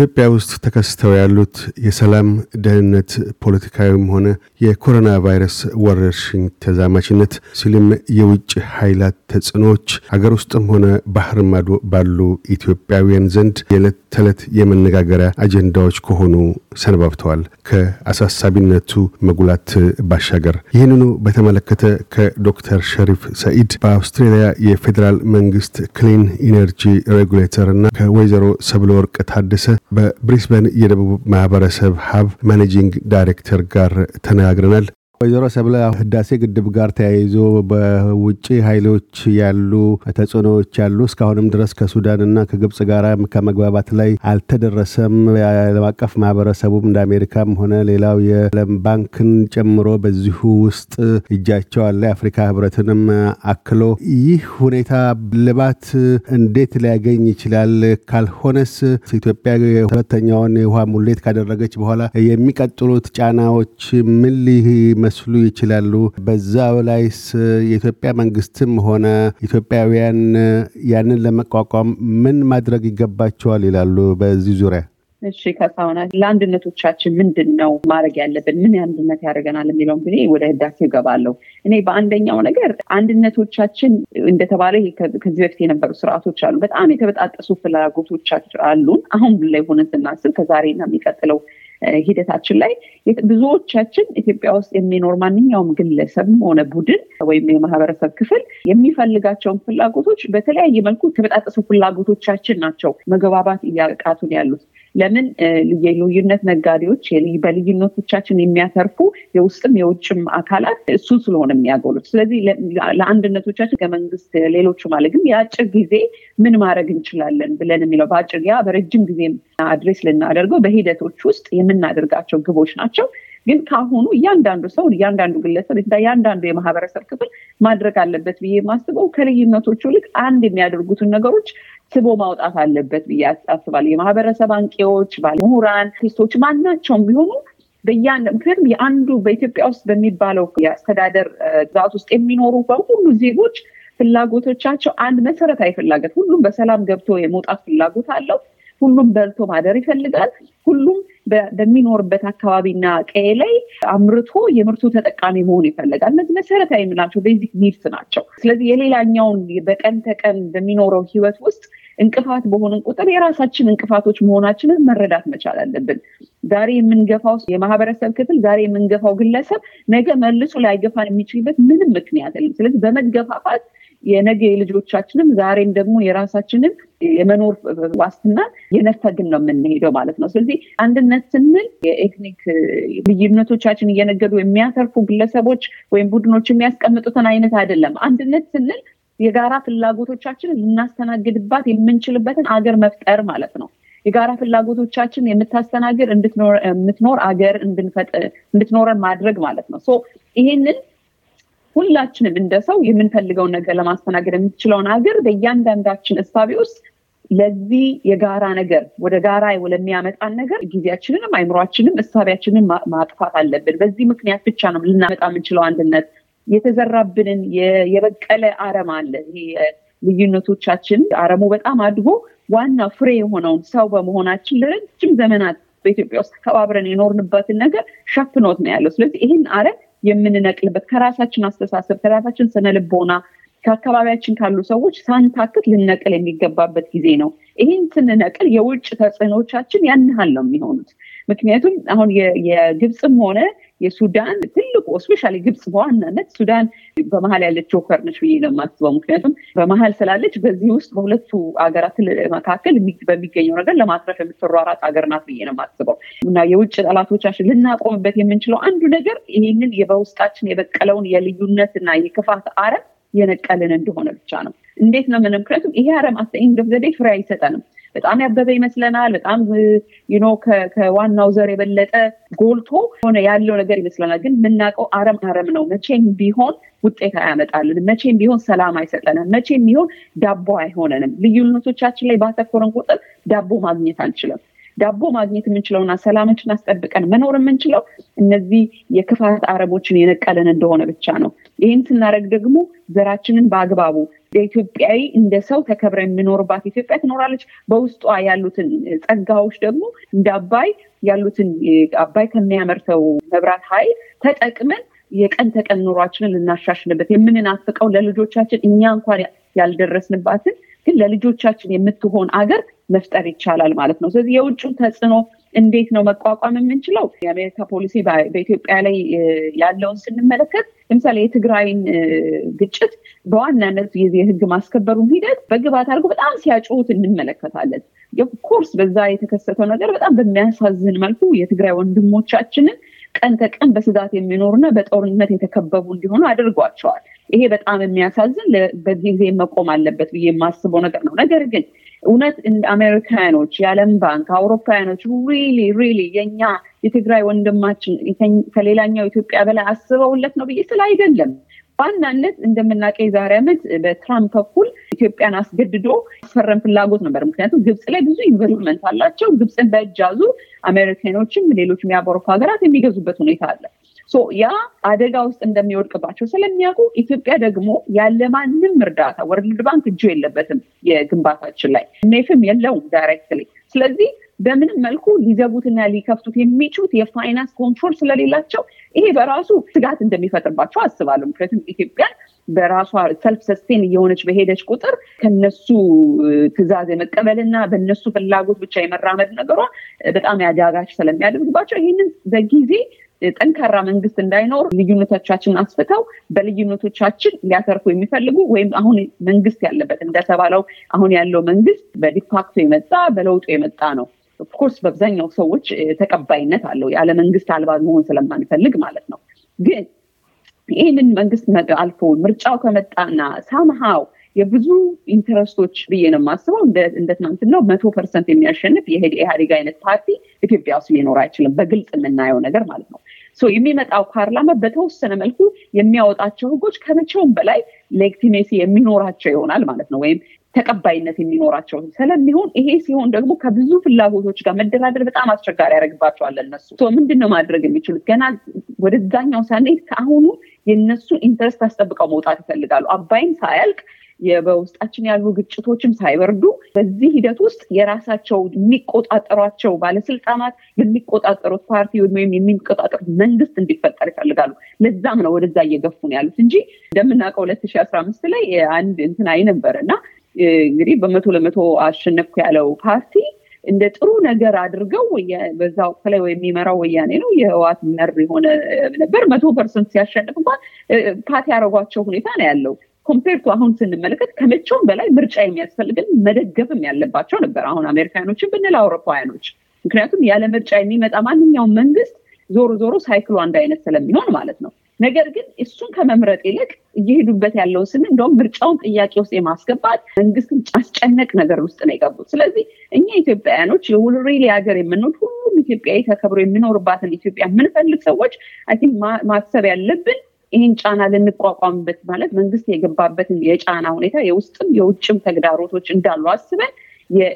ኢትዮጵያ ውስጥ ተከስተው ያሉት የሰላም ደህንነት፣ ፖለቲካዊም ሆነ የኮሮና ቫይረስ ወረርሽኝ ተዛማችነት ሲልም የውጭ ኃይላት ተጽዕኖዎች አገር ውስጥም ሆነ ባህር ማዶ ባሉ ኢትዮጵያውያን ዘንድ የዕለት ተዕለት የመነጋገሪያ አጀንዳዎች ከሆኑ ሰነባብተዋል። ከአሳሳቢነቱ መጉላት ባሻገር ይህንኑ በተመለከተ ከዶክተር ሸሪፍ ሰኢድ በአውስትራሊያ የፌዴራል መንግስት ክሊን ኢነርጂ ሬጉሌተር እና ከወይዘሮ ሰብለ ወርቅ ታደሰ በብሪስበን የደቡብ ማህበረሰብ ሀብ ማኔጂንግ ዳይሬክተር ጋር ተነጋግረናል። ወይዘሮ ሰብለ ህዳሴ ግድብ ጋር ተያይዞ በውጭ ኃይሎች ያሉ ተጽዕኖዎች ያሉ እስካሁንም ድረስ ከሱዳን እና ከግብጽ ጋር ከመግባባት ላይ አልተደረሰም። የዓለም አቀፍ ማህበረሰቡም እንደ አሜሪካም ሆነ ሌላው የዓለም ባንክን ጨምሮ በዚሁ ውስጥ እጃቸው አለ፣ የአፍሪካ ህብረትንም አክሎ። ይህ ሁኔታ ልባት እንዴት ሊያገኝ ይችላል? ካልሆነስ ኢትዮጵያ ሁለተኛውን የውሃ ሙሌት ካደረገች በኋላ የሚቀጥሉት ጫናዎች ምን ሊመስሉ ይችላሉ። በዛ ላይስ የኢትዮጵያ መንግስትም ሆነ ኢትዮጵያውያን ያንን ለመቋቋም ምን ማድረግ ይገባቸዋል ይላሉ በዚህ ዙሪያ? እሺ ከሳሆና ለአንድነቶቻችን ምንድን ነው ማድረግ ያለብን? ምን አንድነት ያደርገናል የሚለው እንግዲህ ወደ ህዳሴ ይገባለሁ። እኔ በአንደኛው ነገር አንድነቶቻችን እንደተባለ ከዚህ በፊት የነበሩ ስርዓቶች አሉ። በጣም የተበጣጠሱ ፍላጎቶች አሉን። አሁን ላይ ሆነን ስናስብ ከዛሬና የሚቀጥለው ሂደታችን ላይ ብዙዎቻችን ኢትዮጵያ ውስጥ የሚኖር ማንኛውም ግለሰብም ሆነ ቡድን ወይም የማህበረሰብ ክፍል የሚፈልጋቸውን ፍላጎቶች በተለያየ መልኩ የተበጣጠሱ ፍላጎቶቻችን ናቸው መግባባት እያቃቱን ያሉት። ለምን የልዩነት ነጋዴዎች በልዩነቶቻችን የሚያተርፉ የውስጥም የውጭም አካላት እሱን ስለሆነ የሚያጎሉት። ስለዚህ ለአንድነቶቻችን ከመንግስት ሌሎቹ ማለት ግን የአጭር ጊዜ ምን ማድረግ እንችላለን ብለን የሚለው በአጭር ያ በረጅም ጊዜ አድሬስ ልናደርገው በሂደቶች ውስጥ የምናደርጋቸው ግቦች ናቸው። ግን ካሁኑ እያንዳንዱ ሰው እያንዳንዱ ግለሰብ እያንዳንዱ የማህበረሰብ ክፍል ማድረግ አለበት ብዬ የማስበው ከልዩነቶቹ ይልቅ አንድ የሚያደርጉትን ነገሮች ስቦ ማውጣት አለበት ብዬ አስባል የማህበረሰብ አንቂዎች፣ ባለምሁራን፣ ቴስቶች ማናቸውም ቢሆኑ ምክንያቱም የአንዱ በኢትዮጵያ ውስጥ በሚባለው የአስተዳደር ግዛት ውስጥ የሚኖሩ በሁሉ ዜጎች ፍላጎቶቻቸው አንድ መሰረታዊ ፍላጎት ሁሉም በሰላም ገብቶ የመውጣት ፍላጎት አለው። ሁሉም በልቶ ማደር ይፈልጋል። ሁሉም በሚኖርበት አካባቢና ቀዬ ላይ አምርቶ የምርቱ ተጠቃሚ መሆን ይፈልጋል። እነዚህ መሰረታዊ የምላቸው ቤዚክ ኒድስ ናቸው። ስለዚህ የሌላኛውን በቀን ተቀን በሚኖረው ህይወት ውስጥ እንቅፋት በሆነን ቁጥር የራሳችን እንቅፋቶች መሆናችንን መረዳት መቻል አለብን። ዛሬ የምንገፋው የማህበረሰብ ክፍል፣ ዛሬ የምንገፋው ግለሰብ ነገ መልሶ ላይገፋን የሚችልበት ምንም ምክንያት የለም። ስለዚህ በመገፋፋት የነገ የልጆቻችንም ዛሬም ደግሞ የራሳችንም የመኖር ዋስትና የነፈግን ነው የምንሄደው ማለት ነው። ስለዚህ አንድነት ስንል የኤትኒክ ልዩነቶቻችን እየነገዱ የሚያተርፉ ግለሰቦች ወይም ቡድኖች የሚያስቀምጡትን አይነት አይደለም። አንድነት ስንል የጋራ ፍላጎቶቻችን ልናስተናግድባት የምንችልበትን አገር መፍጠር ማለት ነው። የጋራ ፍላጎቶቻችን የምታስተናግድ እንድትኖር አገር እንድንፈጥ እንድትኖረን ማድረግ ማለት ነው። ይህንን ሁላችንም እንደ ሰው የምንፈልገውን ነገር ለማስተናገድ የምትችለውን ሀገር በእያንዳንዳችን እሳቤ ውስጥ ለዚህ የጋራ ነገር ወደ ጋራ ለሚያመጣን ነገር ጊዜያችንንም አይምሯችንም እሳቢያችንን ማጥፋት አለብን። በዚህ ምክንያት ብቻ ነው ልናመጣ የምንችለው አንድነት። የተዘራብንን የበቀለ አረም አለ። ልዩነቶቻችን አረሙ በጣም አድጎ ዋና ፍሬ የሆነውን ሰው በመሆናችን ለረጅም ዘመናት በኢትዮጵያ ውስጥ ተከባብረን የኖርንበትን ነገር ሸፍኖት ነው ያለው። ስለዚህ ይህን አረም የምንነቅልበት ከራሳችን አስተሳሰብ ከራሳችን ስነልቦና ከአካባቢያችን ካሉ ሰዎች ሳንታክት ልነቅል የሚገባበት ጊዜ ነው። ይህን ስንነቅል የውጭ ተጽዕኖቻችን ያንሃል ነው የሚሆኑት። ምክንያቱም አሁን የግብፅም ሆነ የሱዳን ትልቁ ስፔሻሊ ግብፅ በዋናነት ሱዳን በመሀል ያለች ቾከር ነች ብዬ ነው የማስበው። ምክንያቱም በመሀል ስላለች በዚህ ውስጥ በሁለቱ ሀገራት መካከል በሚገኘው ነገር ለማስረፍ የምትሯሯጥ ሀገር ናት ብዬ ነው የማስበው እና የውጭ ጠላቶቻችን ልናቆምበት የምንችለው አንዱ ነገር ይህንን በውስጣችን የበቀለውን የልዩነት እና የክፋት አረም የነቀልን እንደሆነ ብቻ ነው። እንዴት ነው ምንም ምክንያቱም ይሄ አረም አስተኝ አስተኢንድ ፍሬ አይሰጠንም። በጣም ያበበ ይመስለናል። በጣም ዩኖ ከዋናው ዘር የበለጠ ጎልቶ ሆነ ያለው ነገር ይመስለናል። ግን የምናውቀው አረም አረም ነው። መቼም ቢሆን ውጤት አያመጣልን። መቼም ቢሆን ሰላም አይሰጠንም። መቼም ቢሆን ዳቦ አይሆነንም። ልዩነቶቻችን ላይ ባተኮረን ቁጥር ዳቦ ማግኘት አንችልም። ዳቦ ማግኘት የምንችለውና ሰላምችን አስጠብቀን መኖር የምንችለው እነዚህ የክፋት አረቦችን የነቀለን እንደሆነ ብቻ ነው። ይህን ስናደረግ ደግሞ ዘራችንን በአግባቡ ኢትዮጵያዊ እንደ ሰው ተከብረ የሚኖርባት ኢትዮጵያ ትኖራለች። በውስጧ ያሉትን ጸጋዎች ደግሞ እንደ አባይ ያሉትን አባይ ከሚያመርተው መብራት ኃይል ተጠቅመን የቀን ተቀን ኑሯችንን ልናሻሽንበት የምንናፍቀው ለልጆቻችን እኛ እንኳን ያልደረስንባትን ግን ለልጆቻችን የምትሆን አገር መፍጠር ይቻላል ማለት ነው። ስለዚህ የውጭን ተጽዕኖ እንዴት ነው መቋቋም የምንችለው? የአሜሪካ ፖሊሲ በኢትዮጵያ ላይ ያለውን ስንመለከት ለምሳሌ የትግራይን ግጭት በዋናነት የህግ ማስከበሩን ሂደት በግባት አድርጎ በጣም ሲያጩት እንመለከታለን። ኮርስ በዛ የተከሰተው ነገር በጣም በሚያሳዝን መልኩ የትግራይ ወንድሞቻችንን ቀን ተቀን በስጋት የሚኖሩና በጦርነት የተከበቡ እንዲሆኑ አድርጓቸዋል። ይሄ በጣም የሚያሳዝን በዚህ ጊዜ መቆም አለበት ብዬ የማስበው ነገር ነው። ነገር ግን እውነት አሜሪካኖች፣ የዓለም ባንክ፣ አውሮፓውያኖች ሪሊ ሪሊ የኛ የትግራይ ወንድማችን ከሌላኛው ኢትዮጵያ በላይ አስበውለት ነው ብዬ ስለ አይደለም በዋናነት እንደምናውቀው የዛሬ ዓመት በትራምፕ በኩል ኢትዮጵያን አስገድዶ አስፈረም ፍላጎት ነበር። ምክንያቱም ግብፅ ላይ ብዙ ኢንቨስትመንት አላቸው። ግብፅን በእጅ አሜሪካኖችም ሌሎች የአውሮፓ ሀገራት የሚገዙበት ሁኔታ አለ። ያ አደጋ ውስጥ እንደሚወድቅባቸው ስለሚያውቁ ኢትዮጵያ ደግሞ ያለ ማንም እርዳታ ወርልድ ባንክ እጁ የለበትም የግንባታችን ላይ ኔፍም የለውም ዳይሬክትሊ ስለዚህ በምንም መልኩ ሊዘጉትና ሊከፍቱት የሚችሉት የፋይናንስ ኮንትሮል ስለሌላቸው ይሄ በራሱ ስጋት እንደሚፈጥርባቸው አስባለሁ። ምክንያቱም ኢትዮጵያ በራሷ ሰልፍ ሰስቴን እየሆነች በሄደች ቁጥር ከነሱ ትዕዛዝ የመቀበልና በነሱ ፍላጎት ብቻ የመራመድ ነገሯ በጣም ያዳጋች ስለሚያደርግባቸው ይህንን በጊዜ ጠንካራ መንግስት እንዳይኖር ልዩነቶቻችን አስፍተው በልዩነቶቻችን ሊያተርፉ የሚፈልጉ ወይም አሁን መንግስት ያለበት እንደተባለው አሁን ያለው መንግስት በዲፋክቶ የመጣ በለውጡ የመጣ ነው። ኦፍኮርስ በአብዛኛው ሰዎች ተቀባይነት አለው ያለ መንግስት አልባ መሆን ስለማንፈልግ ማለት ነው ግን ይህንን መንግስት አልፎ ምርጫው ከመጣና ሳምሃው የብዙ ኢንተረስቶች ብዬ ነው የማስበው እንደ ነው መቶ ፐርሰንት የሚያሸንፍ የኢህአዴግ አይነት ፓርቲ ኢትዮጵያ ውስጥ ሊኖር አይችልም በግልጽ የምናየው ነገር ማለት ነው የሚመጣው ፓርላማ በተወሰነ መልኩ የሚያወጣቸው ህጎች ከመቼውም በላይ ሌግቲሜሲ የሚኖራቸው ይሆናል ማለት ነው ወይም ተቀባይነት የሚኖራቸው ስለሚሆን ይሄ ሲሆን ደግሞ ከብዙ ፍላጎቶች ጋር መደራደር በጣም አስቸጋሪ ያደርግባቸዋል። እነሱ ምንድን ነው ማድረግ የሚችሉት? ገና ወደዛኛው ሳኔት ከአሁኑ የእነሱን ኢንትረስት አስጠብቀው መውጣት ይፈልጋሉ። አባይም ሳያልቅ በውስጣችን ያሉ ግጭቶችም ሳይበርዱ በዚህ ሂደት ውስጥ የራሳቸው የሚቆጣጠሯቸው ባለስልጣናት የሚቆጣጠሩት ፓርቲ ወይም የሚቆጣጠሩት መንግስት እንዲፈጠር ይፈልጋሉ። ለዛም ነው ወደዛ እየገፉ ነው ያሉት እንጂ እንደምናውቀው ሁለት ሺ አስራ አምስት ላይ አንድ እንትን አይነበር እና እንግዲህ በመቶ ለመቶ አሸነፍኩ ያለው ፓርቲ እንደ ጥሩ ነገር አድርገው በዛ ወቅት ላይ የሚመራው ወያኔ ነው የህዋት መር የሆነ ነበር መቶ ፐርሰንት ሲያሸንፍ እንኳን ፓርቲ ያደረጓቸው ሁኔታ ነው ያለው ኮምፔርቱ አሁን ስንመለከት ከመቼውም በላይ ምርጫ የሚያስፈልግን መደገፍም ያለባቸው ነበር አሁን አሜሪካኖችን ብንል አውሮፓውያኖች ምክንያቱም ያለ ምርጫ የሚመጣ ማንኛውም መንግስት ዞሮ ዞሮ ሳይክሉ አንድ አይነት ስለሚሆን ማለት ነው ነገር ግን እሱን ከመምረጥ ይልቅ እየሄዱበት ያለው ስን እንደውም ምርጫውን ጥያቄ ውስጥ የማስገባት መንግስትን ማስጨነቅ ነገር ውስጥ ነው የገቡት። ስለዚህ እኛ ኢትዮጵያውያኖች የውልሬሊ ሀገር የምንወድ ሁሉም ኢትዮጵያዊ ተከብሮ የምኖርባትን ኢትዮጵያ የምንፈልግ ሰዎች አይ ማሰብ ያለብን ይህን ጫና ልንቋቋምበት ማለት መንግስት የገባበትን የጫና ሁኔታ የውስጥም የውጭም ተግዳሮቶች እንዳሉ አስበን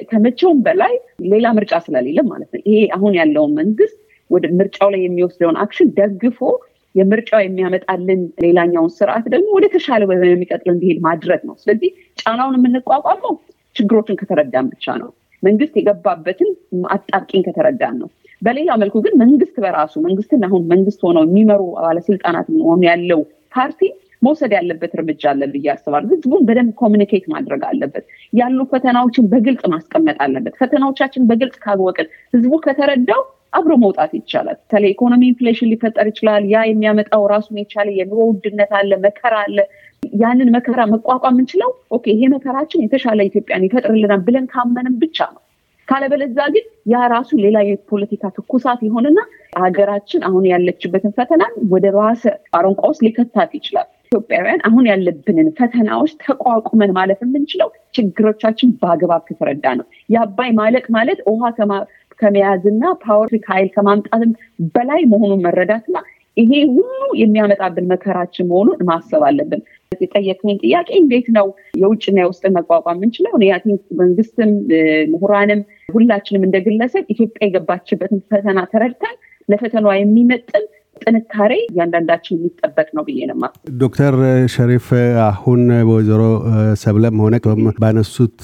ከመቼውም በላይ ሌላ ምርጫ ስለሌለም ማለት ነው ይሄ አሁን ያለውን መንግስት ወደ ምርጫው ላይ የሚወስደውን አክሽን ደግፎ የምርጫው የሚያመጣልን ሌላኛውን ስርዓት ደግሞ ወደ ተሻለ የሚቀጥል እንዲሄድ ማድረግ ነው። ስለዚህ ጫናውን የምንቋቋመው ችግሮችን ከተረዳን ብቻ ነው። መንግስት የገባበትን አጣብቂኝ ከተረዳን ነው። በሌላ መልኩ ግን መንግስት በራሱ መንግስትን አሁን መንግስት ሆነው የሚመሩ ባለስልጣናት ሆኑ ያለው ፓርቲ መውሰድ ያለበት እርምጃ አለ ብዬ አስባለሁ። ህዝቡን በደንብ ኮሚኒኬት ማድረግ አለበት። ያሉ ፈተናዎችን በግልጽ ማስቀመጥ አለበት። ፈተናዎቻችን በግልጽ ካወቅን ህዝቡ ከተረዳው አብሮ መውጣት ይቻላል። በተለይ ኢኮኖሚ ኢንፍሌሽን ሊፈጠር ይችላል። ያ የሚያመጣው ራሱን የቻለ የኑሮ ውድነት አለ፣ መከራ አለ። ያንን መከራ መቋቋም የምንችለው ኦኬ፣ ይሄ መከራችን የተሻለ ኢትዮጵያን ይፈጥርልናል ብለን ካመንም ብቻ ነው። ካለበለዛ ግን ያ ራሱ ሌላ የፖለቲካ ትኩሳት ይሆንና ሀገራችን አሁን ያለችበትን ፈተና ወደ ባሰ አረንቋ ውስጥ ሊከታት ይችላል። ኢትዮጵያውያን አሁን ያለብንን ፈተናዎች ተቋቁመን ማለፍ የምንችለው ችግሮቻችን በአግባብ ከተረዳ ነው። የአባይ ማለቅ ማለት ውሃ ከመያዝና ፓወር ኃይል ከማምጣትም በላይ መሆኑን መረዳትና ይሄ ሁሉ የሚያመጣብን መከራችን መሆኑን ማሰብ አለብን። የጠየቅኝ ጥያቄ እንዴት ነው የውጭና የውስጥ መቋቋም የምንችለው? ቲንክ መንግስትም ምሁራንም ሁላችንም እንደግለሰብ ኢትዮጵያ የገባችበትን ፈተና ተረድተን ለፈተናዋ የሚመጥን ጥንካሬ እያንዳንዳችን የሚጠበቅ ነው ብዬ ነማ። ዶክተር ሸሪፍ አሁን በወይዘሮ ሰብለም ሆነ ባነሱት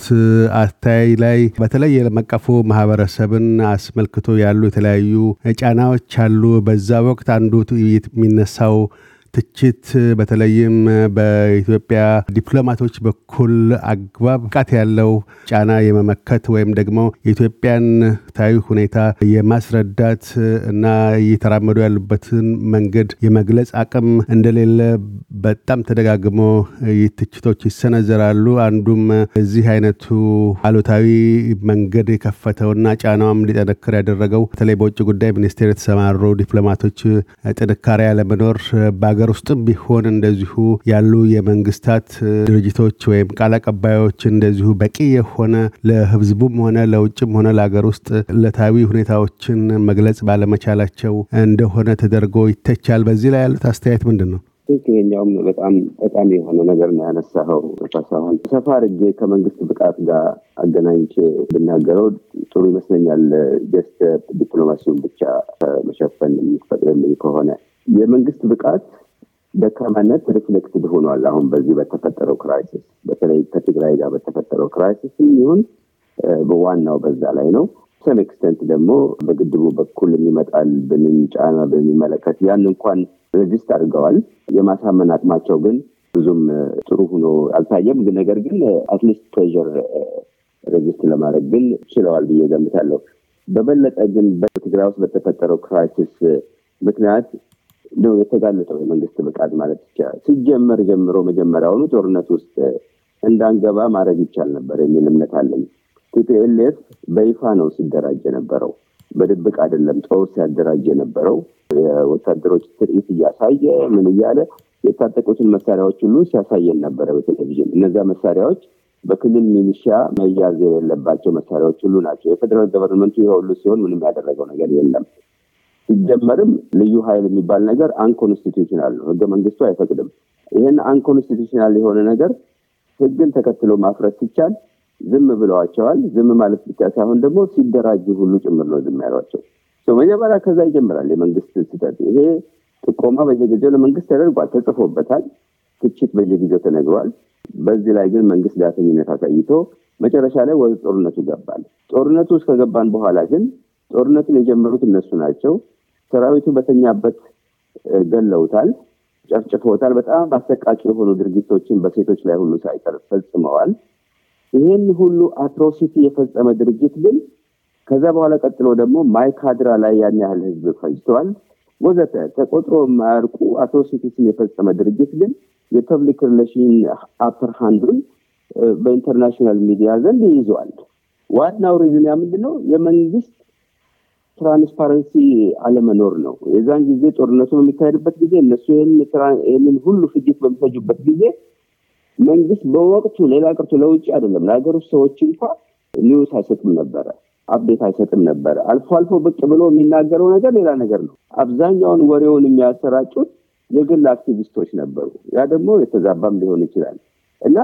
አታይ ላይ በተለይ የዓለም አቀፉ ማህበረሰብን አስመልክቶ ያሉ የተለያዩ ጫናዎች አሉ። በዛ ወቅት አንዱ የሚነሳው ትችት በተለይም በኢትዮጵያ ዲፕሎማቶች በኩል አግባብ ቃት ያለው ጫና የመመከት ወይም ደግሞ የኢትዮጵያን ታዊ ሁኔታ የማስረዳት እና እየተራመዱ ያሉበትን መንገድ የመግለጽ አቅም እንደሌለ በጣም ተደጋግሞ ትችቶች ይሰነዘራሉ። አንዱም እዚህ አይነቱ አሉታዊ መንገድ የከፈተውና ጫናውም ሊጠነክር ያደረገው በተለይ በውጭ ጉዳይ ሚኒስቴር የተሰማሩ ዲፕሎማቶች ጥንካሬ አለመኖር ሀገር ውስጥም ቢሆን እንደዚሁ ያሉ የመንግስታት ድርጅቶች ወይም ቃል አቀባዮች እንደዚሁ በቂ የሆነ ለህዝቡም ሆነ ለውጭም ሆነ ለሀገር ውስጥ ለታዊ ሁኔታዎችን መግለጽ ባለመቻላቸው እንደሆነ ተደርጎ ይተቻል። በዚህ ላይ ያሉት አስተያየት ምንድን ነው? ይሄኛውም በጣም ጠቃሚ የሆነ ነገር ነው ያነሳኸው። ሳሁን ሰፋ አድርጌ ከመንግስት ብቃት ጋር አገናኝቼ ብናገረው ጥሩ ይመስለኛል። ጀስት ዲፕሎማሲውን ብቻ መሸፈን የሚፈቅድልኝ ከሆነ የመንግስት ብቃት ደካማነት ሪፍሌክትድ ሆኗል። አሁን በዚህ በተፈጠረው ክራይሲስ፣ በተለይ ከትግራይ ጋር በተፈጠረው ክራይሲስ ይሁን በዋናው በዛ ላይ ነው። ሰም ኤክስተንት ደግሞ በግድቡ በኩል የሚመጣል ብንን ጫና በሚመለከት ያን እንኳን ሬጅስት አድርገዋል። የማሳመን አቅማቸው ግን ብዙም ጥሩ ሁኖ አልታየም። ነገር ግን አትሊስት ፕሬር ሬጅስት ለማድረግ ግን ችለዋል ብዬ ገምታለሁ። በበለጠ ግን በትግራይ ውስጥ በተፈጠረው ክራይሲስ ምክንያት ነው የተጋለጠው የመንግስት ብቃት ማለት ይቻላል። ሲጀመር ጀምሮ መጀመሪያውኑ ጦርነት ውስጥ እንዳንገባ ማድረግ ይቻል ነበር የሚል እምነት አለኝ። ቲፒኤልኤፍ በይፋ ነው ሲደራጅ የነበረው፣ በድብቅ አይደለም። ጦር ሲያደራጅ የነበረው የወታደሮች ትርኢት እያሳየ ምን እያለ የታጠቁትን መሳሪያዎች ሁሉ ሲያሳየን ነበረ በቴሌቪዥን። እነዚያ መሳሪያዎች በክልል ሚሊሻ መያዝ የሌለባቸው መሳሪያዎች ሁሉ ናቸው። የፌደራል ገቨርንመንቱ ይኸው ሁሉ ሲሆን ምንም ያደረገው ነገር የለም። ሲጀመርም ልዩ ኃይል የሚባል ነገር አንኮንስቲቱሽናል ነው። ህገ መንግስቱ አይፈቅድም። ይህን አንኮንስቲቱሽናል የሆነ ነገር ህግን ተከትሎ ማፍረስ ሲቻል ዝም ብለዋቸዋል። ዝም ማለት ብቻ ሳይሆን ደግሞ ሲደራጁ ሁሉ ጭምር ነው ዝም ያሏቸው። መጀመሪያ ከዛ ይጀምራል የመንግስት ስህተት። ይሄ ጥቆማ በየጊዜው ለመንግስት ተደርጓል፣ ተጽፎበታል፣ ትችት በየጊዜው ተነግሯል። በዚህ ላይ ግን መንግስት ዳተኝነት አሳይቶ መጨረሻ ላይ ወደ ጦርነቱ ገባል። ጦርነቱ እስከገባን በኋላ ግን ጦርነቱን የጀመሩት እነሱ ናቸው። ሰራዊቱ በተኛበት ገለውታል፣ ጨፍጭፈውታል በጣም አሰቃቂ የሆኑ ድርጊቶችን በሴቶች ላይ ሁሉ ሳይቀር ፈጽመዋል። ይህን ሁሉ አትሮሲቲ የፈጸመ ድርጅት ግን ከዛ በኋላ ቀጥሎ ደግሞ ማይካድራ ላይ ያን ያህል ህዝብ ፈጅተዋል ወዘተ ተቆጥሮ የማያርቁ አትሮሲቲስን የፈጸመ ድርጅት ግን የፐብሊክ ሪሌሽን አፐር ሃንዱን በኢንተርናሽናል ሚዲያ ዘንድ ይይዘዋል። ዋናው ሪዝኒያ ምንድነው? የመንግስት ትራንስፓረንሲ አለመኖር ነው። የዛን ጊዜ ጦርነቱ በሚካሄድበት ጊዜ እነሱ ይህንን ሁሉ ፍጅት በሚፈጁበት ጊዜ መንግስት በወቅቱ ሌላ ቅርቱ ለውጭ አይደለም ለሀገር ውስጥ ሰዎች እንኳ ኒውስ አይሰጥም ነበረ፣ አብዴት አይሰጥም ነበረ። አልፎ አልፎ ብቅ ብሎ የሚናገረው ነገር ሌላ ነገር ነው። አብዛኛውን ወሬውን የሚያሰራጩት የግል አክቲቪስቶች ነበሩ። ያ ደግሞ የተዛባም ሊሆን ይችላል እና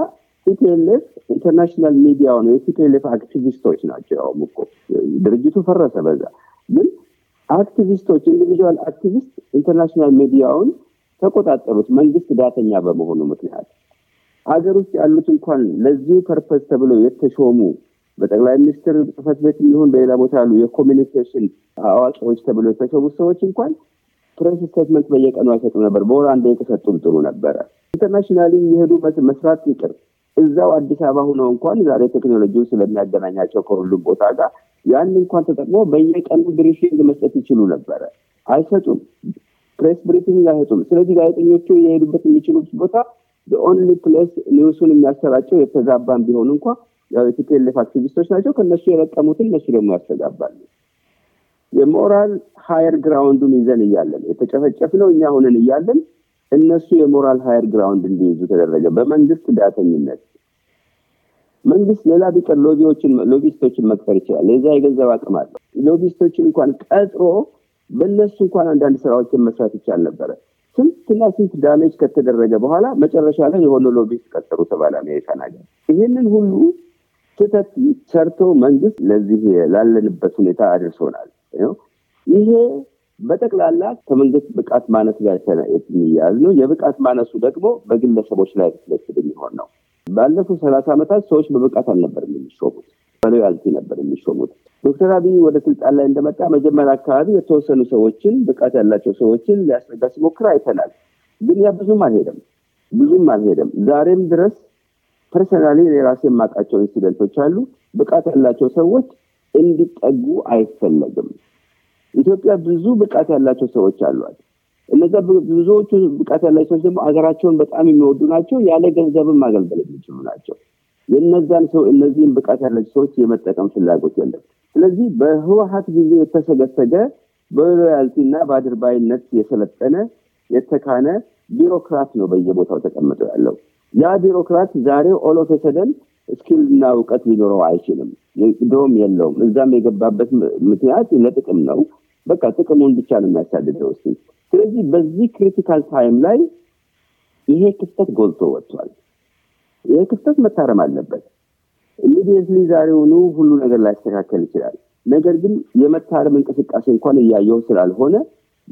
ቲፒኤልኤፍ ኢንተርናሽናል ሚዲያ ሆነ የቲፒኤልኤፍ አክቲቪስቶች ናቸው። ያውም እኮ ድርጅቱ ፈረሰ በዛ ግን አክቲቪስቶች ኢንዲቪዥዋል አክቲቪስት ኢንተርናሽናል ሚዲያውን ተቆጣጠሩት። መንግስት ዳተኛ በመሆኑ ምክንያት ሀገር ውስጥ ያሉት እንኳን ለዚሁ ፐርፐዝ ተብለው የተሾሙ በጠቅላይ ሚኒስትር ጽፈት ቤት የሚሆን በሌላ ቦታ ያሉ የኮሚኒኬሽን አዋቂዎች ተብለው የተሾሙት ሰዎች እንኳን ፕሬስ ስቴትመንት በየቀኑ አይሰጡም ነበር። በወር አንዴ የተሰጡም ጥሩ ነበረ። ኢንተርናሽናሊ የሄዱ መስራት ይቅር እዛው አዲስ አበባ ሁነው እንኳን ዛሬ ቴክኖሎጂ ስለሚያገናኛቸው ከሁሉም ቦታ ጋር ያን እንኳን ተጠቅሞ በየቀኑ ብሪፊንግ መስጠት ይችሉ ነበረ። አይሰጡም። ፕሬስ ብሪፊንግ አይሰጡም። ስለዚህ ጋዜጠኞቹ የሄዱበት የሚችሉት ቦታ ኦንሊ ፕሌስ ኒውሱን የሚያሰራጨው የተዛባን ቢሆን እንኳ የቲፒኤልኤፍ አክቲቪስቶች ናቸው። ከነሱ የለቀሙትን እነሱ ደግሞ ያስተጋባሉ። የሞራል ሃየር ግራውንዱን ይዘን እያለን የተጨፈጨፍነው እኛ ሆነን እያለን እነሱ የሞራል ሃየር ግራውንድ እንዲይዙ ተደረገ በመንግስት ዳተኝነት መንግስት ሌላ ቢቀር ሎቢዎችን ሎቢስቶችን መቅጠር ይችላል። የዛ የገንዘብ አቅም አለው። ሎቢስቶችን እንኳን ቀጥሮ በእነሱ እንኳን አንዳንድ ስራዎችን መስራት ይቻል ነበረ። ስንትና ስንት ዳሜጅ ከተደረገ በኋላ መጨረሻ ላይ የሆነ ሎቢስት ቀጠሩ ተባለ አሜሪካን ሀገር። ይህንን ሁሉ ስህተት ሰርቶ መንግስት ለዚህ ላለንበት ሁኔታ አድርሶናል። ይሄ በጠቅላላ ከመንግስት ብቃት ማነት ጋር የተያያዝ ነው። የብቃት ማነሱ ደግሞ በግለሰቦች ላይ ሪፍሌክትድ የሚሆን ነው። ባለፉት ሰላሳ ዓመታት ሰዎች በብቃት አልነበርም የሚሾሙት፣ በሎያልቲ ነበር የሚሾሙት። ዶክተር አብይ ወደ ስልጣን ላይ እንደመጣ መጀመሪያ አካባቢ የተወሰኑ ሰዎችን ብቃት ያላቸው ሰዎችን ሊያስረዳ ሲሞክር አይተናል። ግን ያ ብዙም አልሄደም ብዙም አልሄደም። ዛሬም ድረስ ፐርሰናሊ የራሴ የማቃቸው ኢንሲደንቶች አሉ። ብቃት ያላቸው ሰዎች እንዲጠጉ አይፈለግም። ኢትዮጵያ ብዙ ብቃት ያላቸው ሰዎች አሏት። እነዚ ብዙዎቹ ብቃት ያላቸው ሰዎች ደግሞ ሀገራቸውን በጣም የሚወዱ ናቸው። ያለ ገንዘብን ማገልገል የሚችሉ ናቸው። የነዛን ሰው እነዚህም ብቃት ያላቸው ሰዎች የመጠቀም ፍላጎት የለም። ስለዚህ በህወሀት ጊዜ የተሰገሰገ በሎያልቲና በአድርባይነት የሰለጠነ የተካነ ቢሮክራት ነው በየቦታው ተቀምጦ ያለው። ያ ቢሮክራት ዛሬ ኦሎፍ ሰደን ስኪልና እውቀት ሊኖረው አይችልም። ድሮም የለውም። እዛም የገባበት ምክንያት ለጥቅም ነው። በቃ ጥቅሙን ብቻ ነው የሚያሳድደው። ስለዚህ በዚህ ክሪቲካል ታይም ላይ ይሄ ክፍተት ጎልቶ ወጥቷል። ይሄ ክፍተት መታረም አለበት። ኢሚዲየትሊ ዛሬውኑ ሁሉ ነገር ላይስተካከል ይችላል። ነገር ግን የመታረም እንቅስቃሴ እንኳን እያየው ስላልሆነ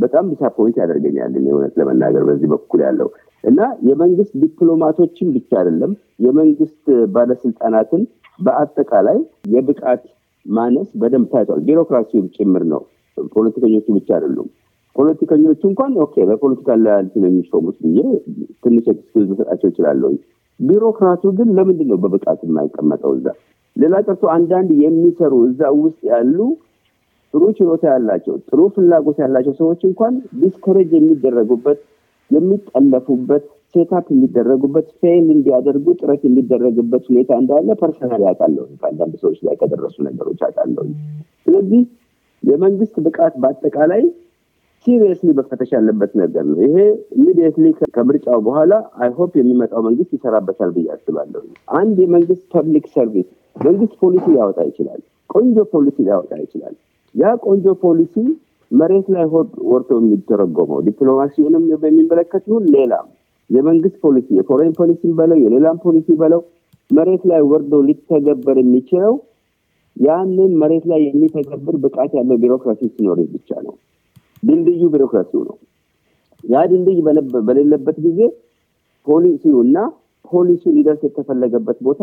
በጣም ዲሳፖይንት ያደርገኛል የእውነት ለመናገር በዚህ በኩል ያለው እና የመንግስት ዲፕሎማቶችን ብቻ አይደለም የመንግስት ባለስልጣናትን በአጠቃላይ የብቃት ማነስ በደንብ ታይቷል። ቢሮክራሲውም ጭምር ነው። ፖለቲከኞቹ ብቻ አይደሉም። ፖለቲከኞቹ እንኳን ኦኬ በፖለቲካ ላያልት ነው የሚሾሙት ብዬ ትንሽ ኤክስኪውዝ ልሰጣቸው እችላለሁ። ቢሮክራቱ ግን ለምንድን ነው በብቃት የማይቀመጠው እዛ? ሌላ ቀርቶ አንዳንድ የሚሰሩ እዛ ውስጥ ያሉ ጥሩ ችሎታ ያላቸው ጥሩ ፍላጎት ያላቸው ሰዎች እንኳን ዲስኮሬጅ የሚደረጉበት የሚጠለፉበት ሴታፕ የሚደረጉበት ፌል እንዲያደርጉ ጥረት የሚደረግበት ሁኔታ እንዳለ ፐርሰናል ያውቃለሁ። ከአንዳንድ ሰዎች ላይ ከደረሱ ነገሮች ያውቃለሁ። ስለዚህ የመንግስት ብቃት በአጠቃላይ ሲሪየስሊ መፈተሽ ያለበት ነገር ነው። ይሄ ኢሚዲየትሊ ከምርጫው በኋላ አይሆፕ የሚመጣው መንግስት ይሰራበታል ብዬ አስባለሁ። አንድ የመንግስት ፐብሊክ ሰርቪስ መንግስት ፖሊሲ ሊያወጣ ይችላል፣ ቆንጆ ፖሊሲ ሊያወጣ ይችላል። ያ ቆንጆ ፖሊሲ መሬት ላይ ወርቶ የሚተረጎመው ዲፕሎማሲውንም በሚመለከት ይሁን ሌላም የመንግስት ፖሊሲ የፎሬን ፖሊሲ በለው የሌላም ፖሊሲ በለው መሬት ላይ ወርዶ ሊተገበር የሚችለው ያንን መሬት ላይ የሚተገብር ብቃት ያለው ቢሮክራሲ ሲኖር ብቻ ነው። ድልድዩ ቢሮክራሲው ነው። ያ ድልድይ በሌለበት ጊዜ ፖሊሲው እና ፖሊሲው ሊደርስ የተፈለገበት ቦታ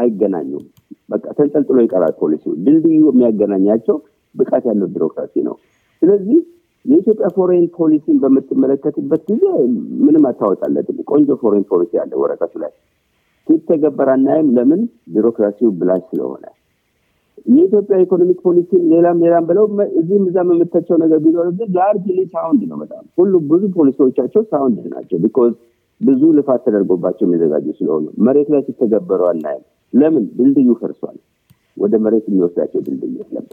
አይገናኙም። በቃ ተንጠልጥሎ ይቀራል ፖሊሲው። ድልድዩ የሚያገናኛቸው ብቃት ያለው ቢሮክራሲ ነው። ስለዚህ የኢትዮጵያ ፎሬን ፖሊሲን በምትመለከትበት ጊዜ ምንም አታወጣለትም። ቆንጆ ፎሬን ፖሊሲ ያለ ወረቀቱ ላይ ሲተገበር አናይም። ለምን? ቢሮክራሲው ብላሽ ስለሆነ የኢትዮጵያ ኢኮኖሚክ ፖሊሲ ሌላም ሌላም ብለው እዚህም እዛም የምታቸው ነገር ቢኖር ግን ላርጅሊ ሳውንድ ነው። በጣም ሁሉ ብዙ ፖሊሲዎቻቸው ሳውንድ ናቸው። ቢኮዝ ብዙ ልፋት ተደርጎባቸው የሚዘጋጁ ስለሆኑ መሬት ላይ ሲተገበሩ አናይም። ለምን ድልድዩ ፈርሷል። ወደ መሬት የሚወስዳቸው ድልድይ የለም።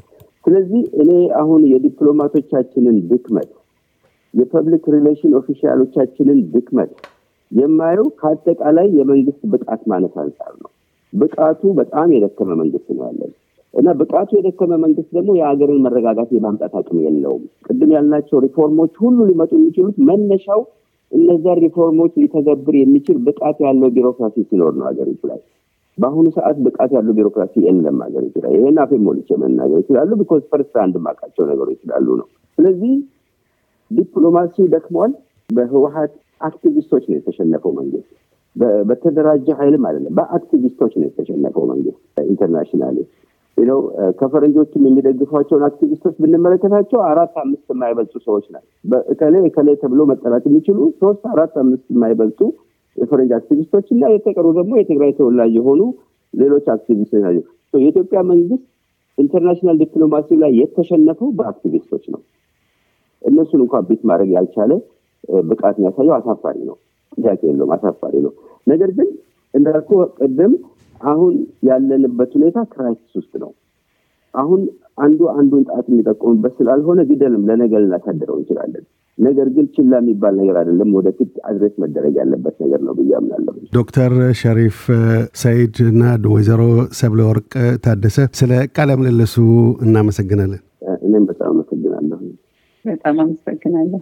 ስለዚህ እኔ አሁን የዲፕሎማቶቻችንን ድክመት፣ የፐብሊክ ሪሌሽን ኦፊሻሎቻችንን ድክመት የማየው ከአጠቃላይ የመንግስት ብቃት ማነስ አንጻር ነው። ብቃቱ በጣም የደከመ መንግስት ነው ያለን እና ብቃቱ የደከመ መንግስት ደግሞ የሀገርን መረጋጋት የማምጣት አቅም የለውም። ቅድም ያልናቸው ሪፎርሞች ሁሉ ሊመጡ የሚችሉት መነሻው እነዚያ ሪፎርሞች ሊተገብር የሚችል ብቃት ያለው ቢሮክራሲ ሲኖር ነው ሀገሪቱ ላይ። በአሁኑ ሰዓት ብቃት ያለው ቢሮክራሲ የለም ሀገሪቱ ላይ። ይህን አፌ ሞልቼ መናገር ይችላሉ። ቢኮዝ ፈርስት አንድ ማቃቸው ነገሮች ይችላሉ ነው። ስለዚህ ዲፕሎማሲ ደክሟል። በህወሀት አክቲቪስቶች ነው የተሸነፈው መንግስት። በተደራጀ ኃይልም አይደለም፣ በአክቲቪስቶች ነው የተሸነፈው መንግስት ኢንተርናሽናል ነው uh, ከፈረንጆችም የሚደግፏቸውን አክቲቪስቶች ብንመለከታቸው አራት አምስት የማይበልጡ ሰዎች ናቸው። እከሌ እከሌ ተብሎ መጠራት የሚችሉ ሶስት አራት አምስት የማይበልጡ የፈረንጅ አክቲቪስቶች እና የተቀሩ ደግሞ የትግራይ ተወላጅ የሆኑ ሌሎች አክቲቪስቶች ናቸው። የኢትዮጵያ መንግስት ኢንተርናሽናል ዲፕሎማሲ ላይ የተሸነፈው በአክቲቪስቶች ነው። እነሱን እንኳን ቤት ማድረግ ያልቻለ uh, ብቃት የሚያሳየው አሳፋሪ ነው። ጥያቄ የለውም። አሳፋሪ ነው። ነገር ግን እንዳልኩ ቅድም አሁን ያለንበት ሁኔታ ክራይሲስ ውስጥ ነው። አሁን አንዱ አንዱን ጣት የሚጠቆምበት ስላልሆነ ግደልም ለነገር ልናሳድረው እንችላለን። ነገር ግን ችላ የሚባል ነገር አይደለም። ወደፊት አድሬስ መደረግ ያለበት ነገር ነው ብዬ አምናለሁ። ዶክተር ሸሪፍ ሰይድ እና ወይዘሮ ሰብለ ወርቅ ታደሰ ስለ ቃለ ምልልሱ እናመሰግናለን። እኔም በጣም አመሰግናለሁ። በጣም አመሰግናለሁ።